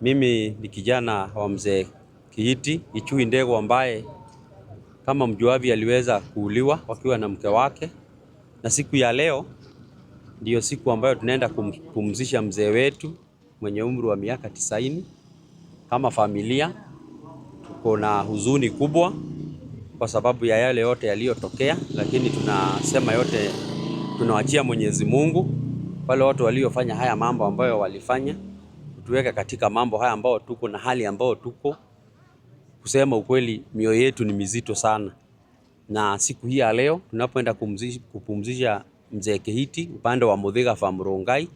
Mimi ni kijana wa mzee Kiiti Ichui Ndego ambaye kama mjuavi aliweza kuuliwa wakiwa na mke wake, na siku ya leo ndiyo siku ambayo tunaenda kumpumzisha mzee wetu mwenye umri wa miaka tisaini. Kama familia tuko na huzuni kubwa kwa sababu ya yale yote yaliyotokea, lakini tunasema yote tunawachia Mwenyezi Mungu. Wale watu waliofanya haya mambo ambayo walifanya kutuweka katika mambo haya ambao tuko na hali ambayo tuko. Kusema ukweli, mioyo yetu ni mizito sana, na siku hii ya leo tunapoenda kupumzisha mzee Kehiti upande wa Muthiga farm Rongai,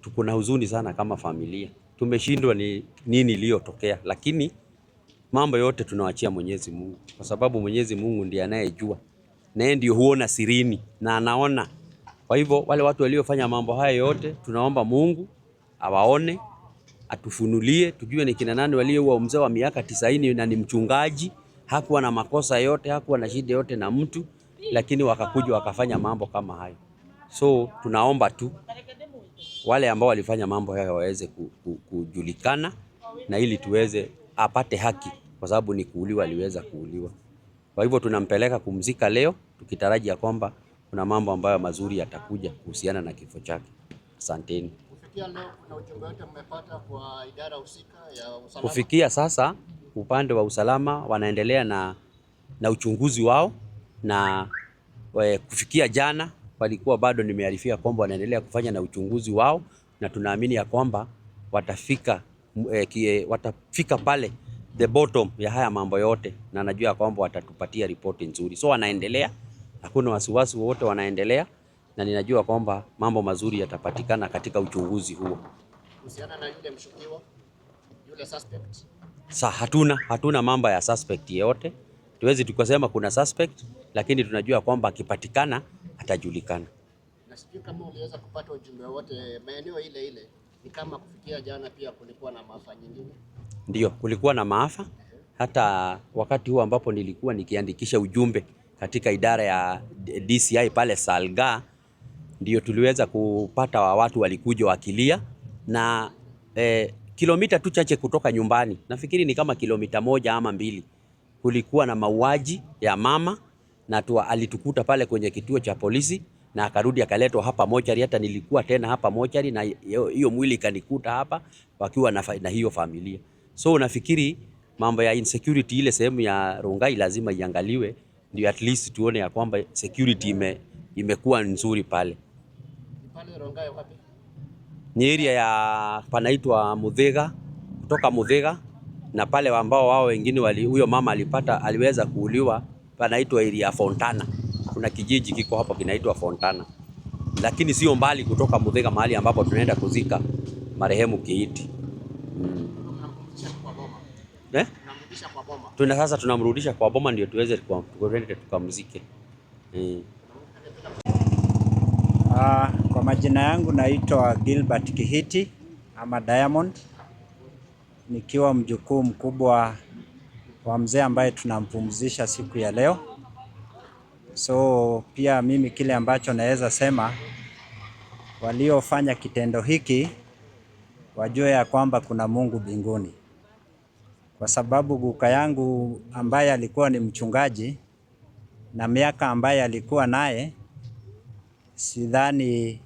tuko na huzuni sana kama familia. Tumeshindwa ni nini iliyotokea, lakini mambo yote tunawachia Mwenyezi Mungu, kwa sababu Mwenyezi Mungu ndiye anayejua na yeye ndio huona sirini na anaona. Kwa hivyo wale watu waliofanya mambo haya yote, tunaomba Mungu awaone atufunulie tujue ni kina nani waliouwa mzee wa miaka tisaini na ni mchungaji. Hakuwa na makosa yote, hakuwa na shida yote na mtu, lakini wakakuja wakafanya mambo kama hayo. So tunaomba tu wale ambao walifanya mambo hayo waweze kujulikana na ili tuweze apate haki, kwa sababu ni kuuliwa aliweza kuuliwa. Kwa hivyo tunampeleka kumzika leo tukitarajia kwamba kuna mambo ambayo mazuri yatakuja kuhusiana na kifo chake. Asanteni kufikia leo kuna ujumbe wote mmepata kwa idara husika ya usalama? Kufikia sasa upande wa usalama wanaendelea na, na uchunguzi wao na we, eh, kufikia jana walikuwa bado nimearifia kwamba wanaendelea kufanya na uchunguzi wao na tunaamini ya kwamba watafika, e, eh, kie, eh, watafika pale the bottom ya haya mambo yote na najua ya kwamba watatupatia ripoti nzuri, so wanaendelea, hakuna wasiwasi wowote, wanaendelea na ninajua kwamba mambo mazuri yatapatikana katika uchunguzi huo. Kuhusiana na yule mshukiwa, yule suspect. Sa, hatuna hatuna mambo ya suspect yeyote, tuwezi tukasema kuna suspect, lakini tunajua kwamba akipatikana atajulikana. Na sijui kama uliweza kupata ujumbe wote maeneo ile ile, ni kama kufikia jana pia kulikuwa na maafa nyingine. Ndio, kulikuwa na maafa hata wakati huo ambapo nilikuwa nikiandikisha ujumbe katika idara ya DCI pale Salga ndio tuliweza kupata wa watu walikuja wakilia na eh, kilomita tu chache kutoka nyumbani, nafikiri ni kama kilomita moja ama mbili, kulikuwa na mauaji ya mama na tuwa, alitukuta pale kwenye kituo cha polisi na akarudi akaletwa hapa mochari. Hata nilikuwa tena hapa mochari na hiyo mwili ikanikuta hapa wakiwa na, na hiyo familia. So nafikiri mambo ya insecurity ile sehemu ya Rongai lazima iangaliwe, ndio at least tuone ya kwamba security ime, imekuwa nzuri pale. Ni area ya panaitwa mudhiga kutoka mudhiga na pale ambao wao wengine wali huyo mama alipata aliweza kuuliwa panaitwa area Fontana. Kuna kijiji kiko hapo kinaitwa Fontana, lakini sio mbali kutoka mudhiga mahali ambapo tunaenda kuzika marehemu Kiiti. Mm. Eh? Tuna sasa tunamrudisha kwa boma ndio tuweze tukamzike. Eh. Uh, kwa majina yangu naitwa Gilbert Kihiti ama Diamond, nikiwa mjukuu mkubwa wa mzee ambaye tunampumzisha siku ya leo. So pia mimi kile ambacho naweza sema, waliofanya kitendo hiki wajue ya kwamba kuna Mungu mbinguni, kwa sababu guka yangu ambaye alikuwa ni mchungaji na miaka ambaye alikuwa naye sidhani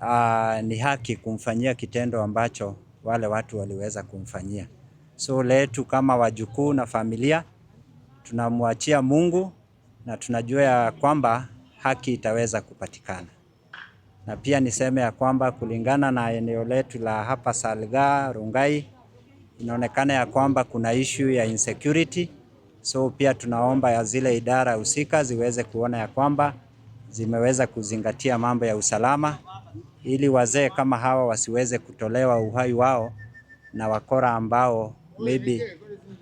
uh, ni haki kumfanyia kitendo ambacho wale watu waliweza kumfanyia. So letu kama wajukuu na familia tunamwachia Mungu na tunajua ya kwamba haki itaweza kupatikana. Na pia niseme ya kwamba kulingana na eneo letu la hapa Salga Rungai, inaonekana ya kwamba kuna issue ya insecurity. So pia tunaomba ya zile idara husika ziweze kuona ya kwamba zimeweza kuzingatia mambo ya usalama ili wazee kama hawa wasiweze kutolewa uhai wao na wakora ambao maybe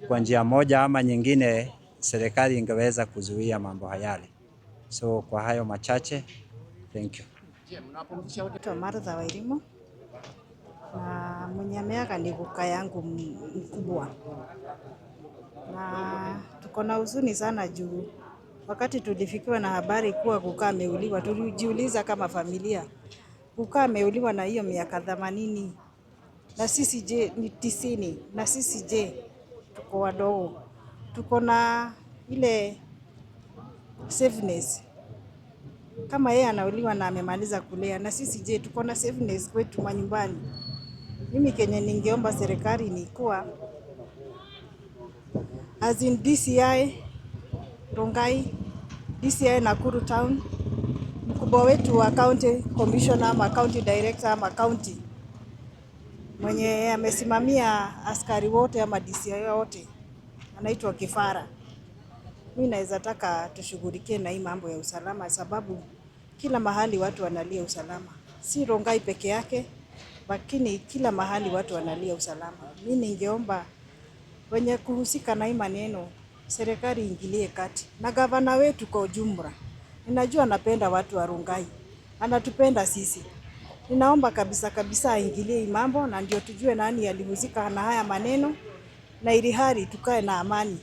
kwa njia moja ama nyingine serikali ingeweza kuzuia mambo hayale. So kwa hayo machache, thank you. Martha Wairimu na mwenye ameaga ni guka yangu mkubwa, na tuko na huzuni sana juu Wakati tulifikiwa na habari kuwa Kukaa ameuliwa, tulijiuliza kama familia, Kukaa ameuliwa na hiyo miaka themanini na sisi je, ni tisini na sisi je, tuko wadogo, tuko na ile safeness kama yeye anauliwa na amemaliza kulea, na sisi je, tuko na safeness kwetu manyumbani? Mimi kenye ningeomba serikali ni kuwa as in DCI Rongai, DCI Nakuru Town, mkubwa wetu wa county commissioner ama county director ama county mwenye amesimamia askari wote ama DCI wote anaitwa Kifara. Mimi naweza taka tushughulikie na hii mambo ya usalama, sababu kila mahali watu wanalia usalama, si Rongai peke yake, lakini kila mahali watu wanalia usalama. Mimi ningeomba wenye kuhusika na hii maneno serikali iingilie kati na gavana wetu kwa ujumla. Ninajua anapenda watu wa Rongai, anatupenda sisi. Ninaomba kabisa kabisa aingilie hii mambo, na ndio tujue nani alihusika na haya maneno, na ili hali tukae na amani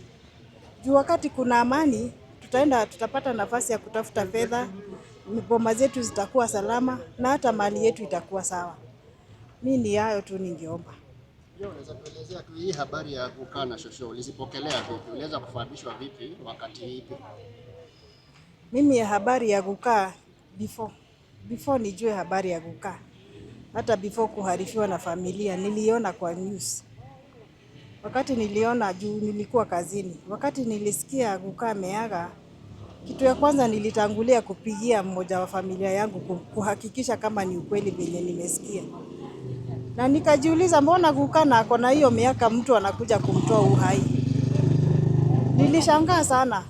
juu, wakati kuna amani tutaenda, tutapata nafasi ya kutafuta fedha, boma zetu zitakuwa salama na hata mali yetu itakuwa sawa. Mimi ni hayo tu ningeomba unaweza tuelezea tu hii habari ya kukaa na Shosho ulizipokelea vipi? Uliweza kufahamishwa vipi wakati hipi? Mimi ya habari ya kukaa before before nijue habari ya kukaa, hata before kuharifiwa na familia, niliona kwa news. Wakati niliona juu nilikuwa kazini, wakati nilisikia kukaa meaga, kitu ya kwanza nilitangulia kupigia mmoja wa familia yangu kuhakikisha kama ni ukweli venye nimesikia na nikajiuliza, mbona kukaa nako na hiyo miaka mtu anakuja kumtoa uhai? Nilishangaa sana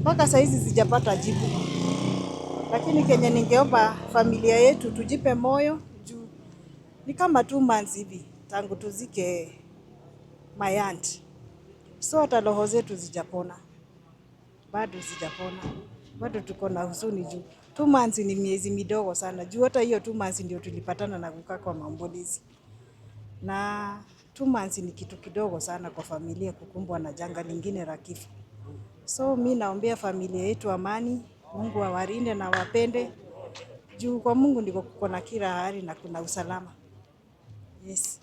mpaka saizi sijapata jibu, lakini kenye ningeomba familia yetu tujipe moyo juu ni kama two months hivi tangu tuzike Mayanti, so hata roho zetu zijapona, bado zijapona, bado tuko na huzuni juu two months ni miezi midogo sana, juu hata hiyo two months ndio tulipatana na kukaa kwa maombolezi na two months ni kitu kidogo sana kwa familia kukumbwa na janga lingine la kifo. So mi naombea familia yetu amani, Mungu awarinde na wapende juu kwa Mungu ndiko kuko na kila hali na kuna usalama. Yes.